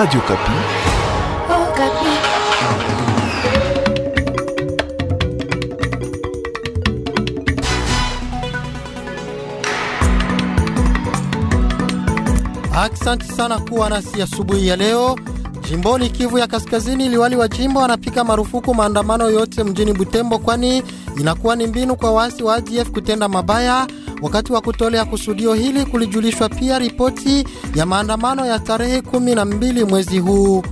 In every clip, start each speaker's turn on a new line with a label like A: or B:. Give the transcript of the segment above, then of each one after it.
A: Radio Kapi. Oh, Kapi.
B: Aksanti sana kuwa nasi asubuhi ya, ya leo. Jimboni Kivu ya Kaskazini, liwali wa jimbo anapika marufuku maandamano yote mjini Butembo, kwani inakuwa ni mbinu kwa waasi wa ADF kutenda mabaya. Wakati wa kutolea kusudio hili kulijulishwa pia ripoti ya maandamano ya tarehe 12 mwezi huu.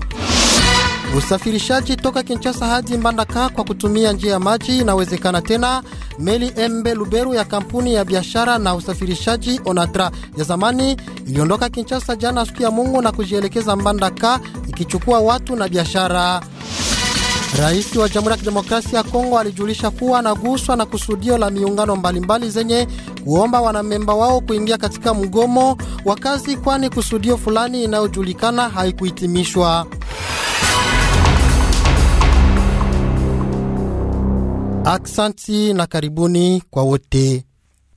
B: Usafirishaji toka Kinshasa hadi Mbandaka kwa kutumia njia ya maji inawezekana tena. Meli MB Luberu ya kampuni ya biashara na usafirishaji Onatra ya zamani iliondoka Kinshasa jana siku ya Mungu na kujielekeza Mbandaka ikichukua watu na biashara. Rais wa Jamhuri ya Kidemokrasia ya Kongo alijulisha kuwa anaguswa na kusudio la miungano mbalimbali zenye kuomba wanamemba wao kuingia katika mgomo wa kazi, kwani kusudio fulani inayojulikana haikuhitimishwa. Aksanti na karibuni kwa wote.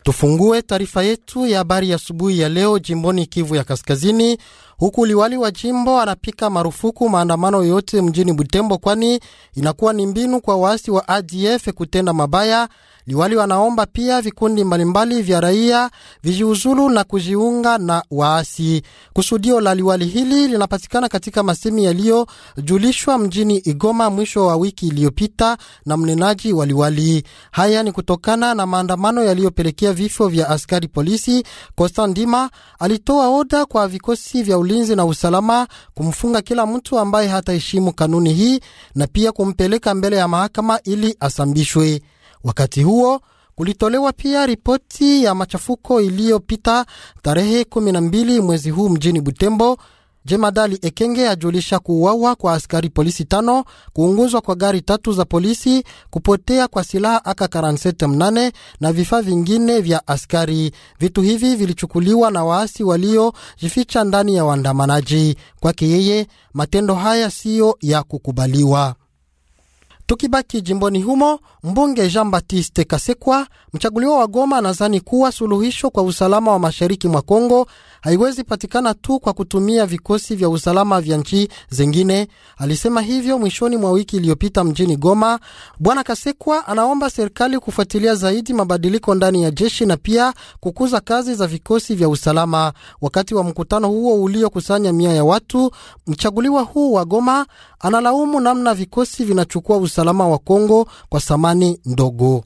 B: Tufungue taarifa yetu ya habari ya asubuhi ya leo jimboni Kivu ya Kaskazini huku liwali wa jimbo anapika marufuku maandamano yote mjini Butembo, kwani inakuwa ni mbinu kwa waasi wa ADF kutenda mabaya. Liwali wanaomba pia vikundi mbalimbali vya raia vijiuzulu na kujiunga na waasi. Kusudio la liwali hili linapatikana katika masemi yaliyojulishwa mjini Igoma mwisho wa wiki iliyopita na mnenaji wa liwali. Haya ni kutokana na maandamano yaliyopelekea vifo vya askari polisi. Kosta Ndima alitoa oda kwa vikosi vya ulinzi na usalama kumfunga kila mtu ambaye hataheshimu kanuni hii na pia kumpeleka mbele ya mahakama ili asambishwe. Wakati huo kulitolewa pia ripoti ya machafuko iliyopita tarehe 12 mwezi huu mjini Butembo Jemadali Ekenge ajulisha kuuawa kwa askari polisi tano, kuunguzwa kwa gari tatu za polisi, kupotea kwa silaha aka 478 mnane na vifaa vingine vya askari. Vitu hivi vilichukuliwa na waasi waliojificha ndani ya waandamanaji. Kwake yeye, matendo haya siyo ya kukubaliwa. Tukibaki jimboni humo, mbunge Jean Baptiste Kasekwa, mchaguliwa wa Goma, anazani kuwa suluhisho kwa usalama wa mashariki mwa Kongo haiwezi patikana tu kwa kutumia vikosi vya usalama vya nchi zingine. Alisema hivyo mwishoni mwa wiki iliyopita mjini Goma. Bwana Kasekwa anaomba serikali kufuatilia zaidi mabadiliko ndani ya jeshi na pia kukuza kazi za vikosi vya usalama. Wakati wa mkutano huo uliokusanya mia ya watu, mchaguliwa huu wa Goma analaumu namna vikosi vinachukua usalama usalama wa Kongo kwa thamani ndogo.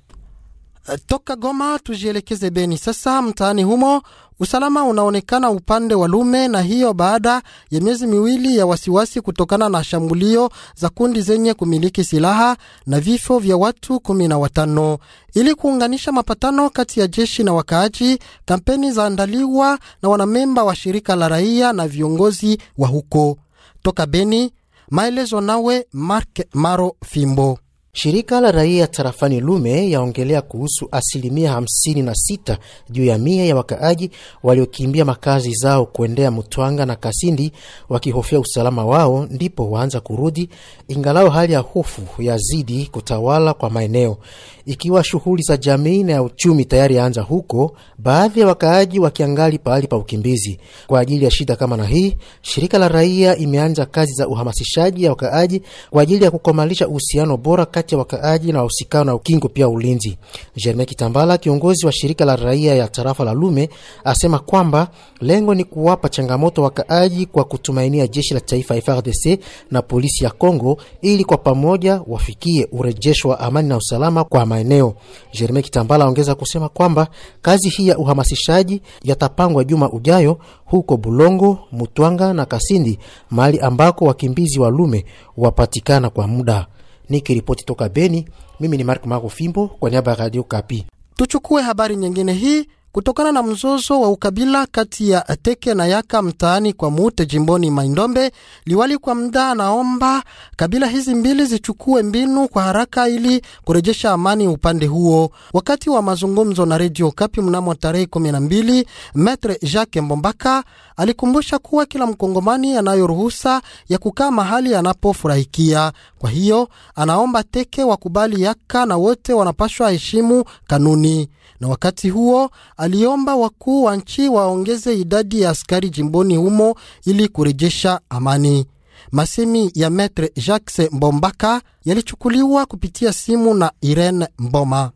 B: Eh, toka Goma tujielekeze Beni sasa. Mtaani humo usalama unaonekana upande wa Lume, na hiyo baada ya miezi miwili ya wasiwasi kutokana na shambulio za kundi zenye kumiliki silaha na vifo vya watu kumi na watano. Ili kuunganisha mapatano kati ya jeshi na wakaaji, kampeni zaandaliwa na wanamemba wa shirika la raia na viongozi wa huko. Toka Beni, Maelezo nawe Mark Maro
C: Fimbo. Shirika la raia tarafani Lume yaongelea kuhusu asilimia 56 juu ya mia ya wakaaji waliokimbia makazi zao kuendea Mtwanga na Kasindi wakihofia usalama wao, ndipo waanza kurudi, ingalao hali ya hofu yazidi kutawala kwa maeneo. Ikiwa shughuli za jamii na ya uchumi tayari yaanza huko, baadhi ya wakaaji wakiangali pahali pa ukimbizi. Kwa ajili ya shida kama na hii, shirika la raia imeanza kazi za uhamasishaji ya wakaaji kwa ajili ya kukomalisha uhusiano bora kati ya wakaaji na wahusikao na ukingo pia ulinzi. Germain Kitambala, kiongozi wa shirika la raia ya tarafa la Lume, asema kwamba lengo ni kuwapa changamoto wakaaji kwa kutumainia jeshi la taifa FRDC na polisi ya Congo ili kwa pamoja wafikie urejesho wa amani na usalama kwa amani maeneo. jeremi Kitambala aongeza kusema kwamba kazi hii ya uhamasishaji yatapangwa juma ujayo huko Bulongo, Mutwanga na Kasindi, mahali ambako wakimbizi wa lume wapatikana kwa muda. Nikiripoti toka Beni, mimi ni Mark Mago Fimbo kwa niaba ya Radio Kapi.
B: Tuchukue habari nyingine hii kutokana na mzozo wa ukabila kati ya Teke na Yaka mtaani kwa Mute jimboni Maindombe. Liwali kwa mda anaomba kabila hizi mbili zichukue mbinu kwa haraka ili kurejesha amani upande huo. Wakati wa mazungumzo na Redio Kapi mnamo tarehe 12, Metre Jacques Mbombaka alikumbusha kuwa kila mkongomani anayo ruhusa ya kukaa mahali anapofurahikia. Kwa hiyo anaomba Teke wakubali Yaka na wote wanapashwa heshimu kanuni na wakati huo aliomba wakuu wa nchi waongeze idadi ya askari jimboni humo ili kurejesha amani. Masemi ya Maitre Jacques Mbombaka yalichukuliwa kupitia simu na Irene
A: Mboma.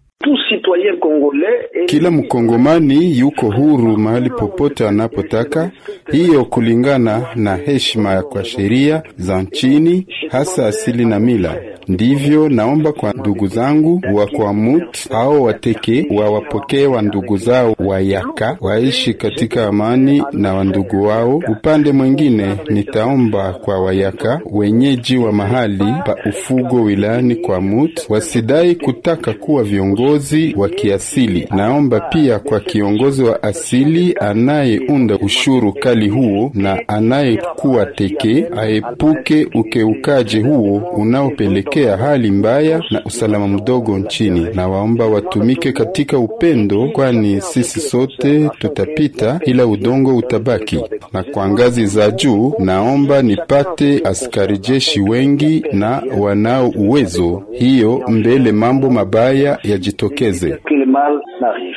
A: Kila mkongomani yuko huru mahali popote anapotaka, hiyo kulingana na heshima kwa sheria za nchini, hasa asili na mila. Ndivyo naomba kwa ndugu zangu wa kwa mut au Wateke wawapokee wa ndugu zao wa Yaka, waishi katika amani na wandugu wao. Upande mwingine, nitaomba kwa Wayaka wenyeji wa mahali pa ufugo wilayani mut wasidai kutaka kuwa viongozi kiongozi wa kiasili. Naomba pia kwa kiongozi wa asili anayeunda ushuru kali huo na anayekuwa teke aepuke ukeukaji huo unaopelekea hali mbaya na usalama mdogo nchini, na waomba watumike katika upendo, kwani sisi sote tutapita, ila udongo utabaki. Na kwa ngazi za juu, naomba nipate askari jeshi wengi na wanao uwezo hiyo, mbele mambo mabaya yajitokeze. Que
B: le mal n'arrive.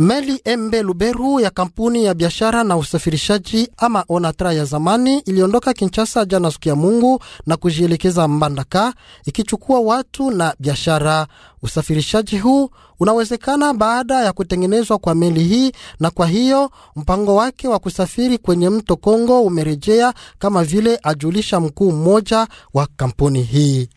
B: Meli Embe Luberu ya kampuni ya biashara na usafirishaji ama Onatra ya zamani iliondoka Kinshasa jana siku ya Mungu na kujielekeza Mbandaka ikichukua watu na biashara. Usafirishaji huu unawezekana baada ya kutengenezwa kwa meli hii, na kwa hiyo mpango wake wa kusafiri kwenye mto Kongo umerejea, kama vile ajulisha mkuu mmoja wa kampuni hii.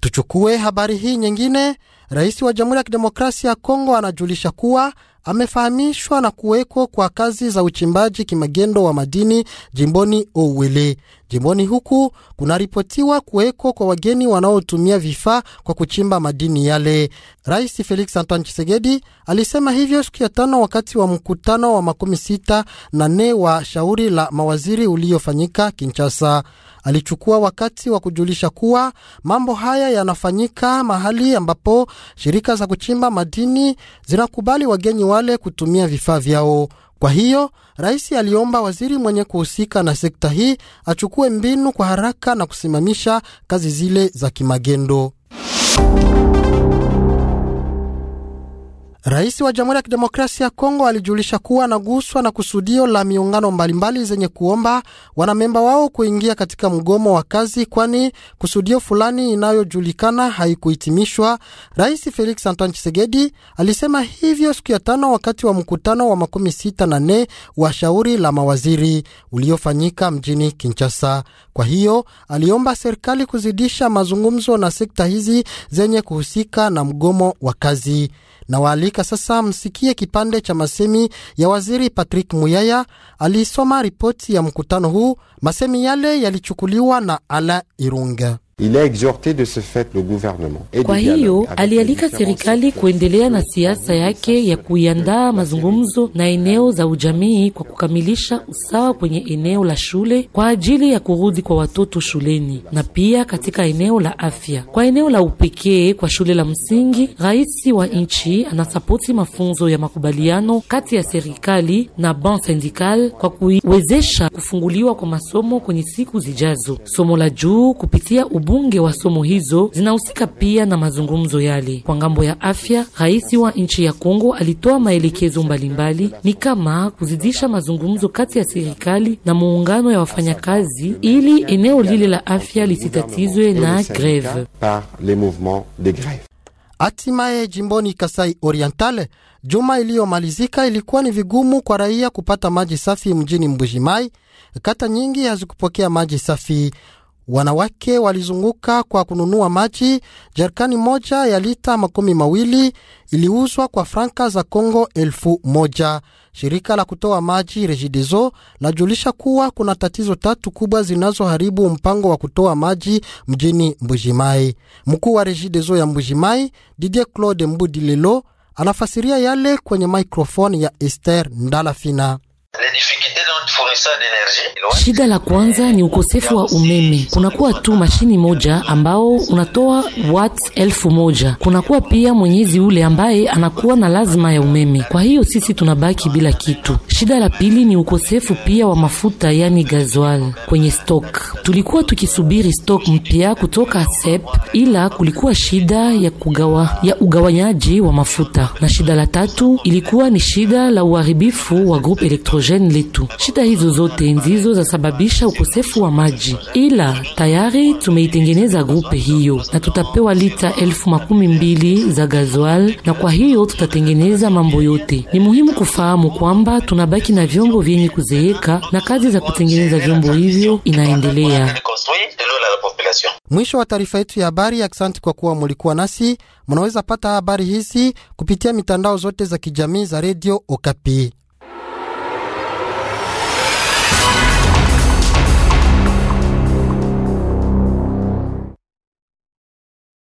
B: Tuchukue habari hii nyingine. Rais wa Jamhuri ya Kidemokrasia ya Kongo anajulisha kuwa amefahamishwa na kuwekwa kwa kazi za uchimbaji kimagendo wa madini jimboni Owele. Jimboni huku kunaripotiwa kuwekwa kwa wageni wanaotumia vifaa kwa kuchimba madini yale. Rais Felix Antoine chisegedi alisema hivyo siku ya tano wakati wa mkutano wa makumi sita na nne wa shauri la mawaziri uliofanyika Kinshasa. Alichukua wakati wa kujulisha kuwa mambo haya yanafanyika mahali ambapo shirika za kuchimba madini zinakubali wageni wale kutumia vifaa vyao. Kwa hiyo rais aliomba waziri mwenye kuhusika na sekta hii achukue mbinu kwa haraka na kusimamisha kazi zile za kimagendo. Rais wa Jamhuri ya Kidemokrasia ya Kongo alijulisha kuwa anaguswa na kusudio la miungano mbalimbali zenye kuomba wanamemba wao kuingia katika mgomo wa kazi, kwani kusudio fulani inayojulikana haikuhitimishwa. Rais Felix Antoine chisekedi alisema hivyo siku ya tano wakati wa mkutano wa makumi sita na nne wa shauri la mawaziri uliofanyika mjini Kinshasa. Kwa hiyo aliomba serikali kuzidisha mazungumzo na sekta hizi zenye kuhusika na mgomo wa kazi. Nawaalika sasa msikie kipande cha masemi ya waziri Patrick Muyaya aliisoma ripoti ya mkutano huu. Masemi yale
D: yalichukuliwa na Ala
A: irunge kwa
D: hiyo alialika serikali kuendelea na siasa yake ya kuiandaa mazungumzo na eneo za ujamii kwa kukamilisha usawa kwenye eneo la shule kwa ajili ya kurudi kwa watoto shuleni na pia katika eneo la afya. Kwa eneo la upekee kwa shule la msingi, rais wa nchi anasapoti mafunzo ya makubaliano kati ya serikali na ban syndical kwa kuiwezesha kufunguliwa kwa masomo kwenye siku zijazo. Somo la juu kupitia ubu wabunge wa somo hizo zinahusika pia na mazungumzo yale. Kwa ngambo ya afya, rais wa nchi ya Kongo alitoa maelekezo mbalimbali, ni kama kuzidisha mazungumzo kati ya serikali na muungano ya wafanyakazi ili eneo lile la afya lisitatizwe na greve.
B: Hatimaye jimboni Kasai Oriental, juma iliyomalizika ilikuwa ni vigumu kwa raia kupata maji safi mjini Mbujimai. Kata nyingi hazikupokea maji safi. Wanawake walizunguka kwa kununua maji. Jerikani moja ya lita makumi mawili iliuzwa kwa franka za congo elfu moja. Shirika la kutoa maji Regideso lajulisha kuwa kuna tatizo tatu kubwa zinazoharibu mpango wa kutoa maji mjini Mbujimai. Mkuu wa Regideso ya Mbujimai Didier Claude Mbudilelo anafasiria yale kwenye microfone ya Esther
D: Ndalafina. Shida la kwanza ni ukosefu wa umeme. Kunakuwa tu mashini moja ambao unatoa wat elfu moja. Kunakuwa pia mwenyezi ule ambaye anakuwa na lazima ya umeme, kwa hiyo sisi tunabaki bila kitu. Shida la pili ni ukosefu pia wa mafuta, yani gazoal kwenye stok. Tulikuwa tukisubiri stok mpya kutoka SEP, ila kulikuwa shida ya kugawa ya ugawanyaji wa mafuta, na shida la tatu ilikuwa ni shida la uharibifu wa groupe electrogene letu. Shida hizi hizo zote ndizo zasababisha ukosefu wa maji, ila tayari tumeitengeneza grupe hiyo na tutapewa lita elfu makumi mbili za gazoal, na kwa hiyo tutatengeneza mambo yote. Ni muhimu kufahamu kwamba tunabaki na vyombo vyenye kuzeeka na kazi za kutengeneza vyombo hivyo inaendelea. Mwisho wa taarifa yetu ya habari. Aksanti kwa kuwa mulikuwa nasi.
B: Munaweza pata habari hizi kupitia mitandao zote za kijamii za redio Okapi.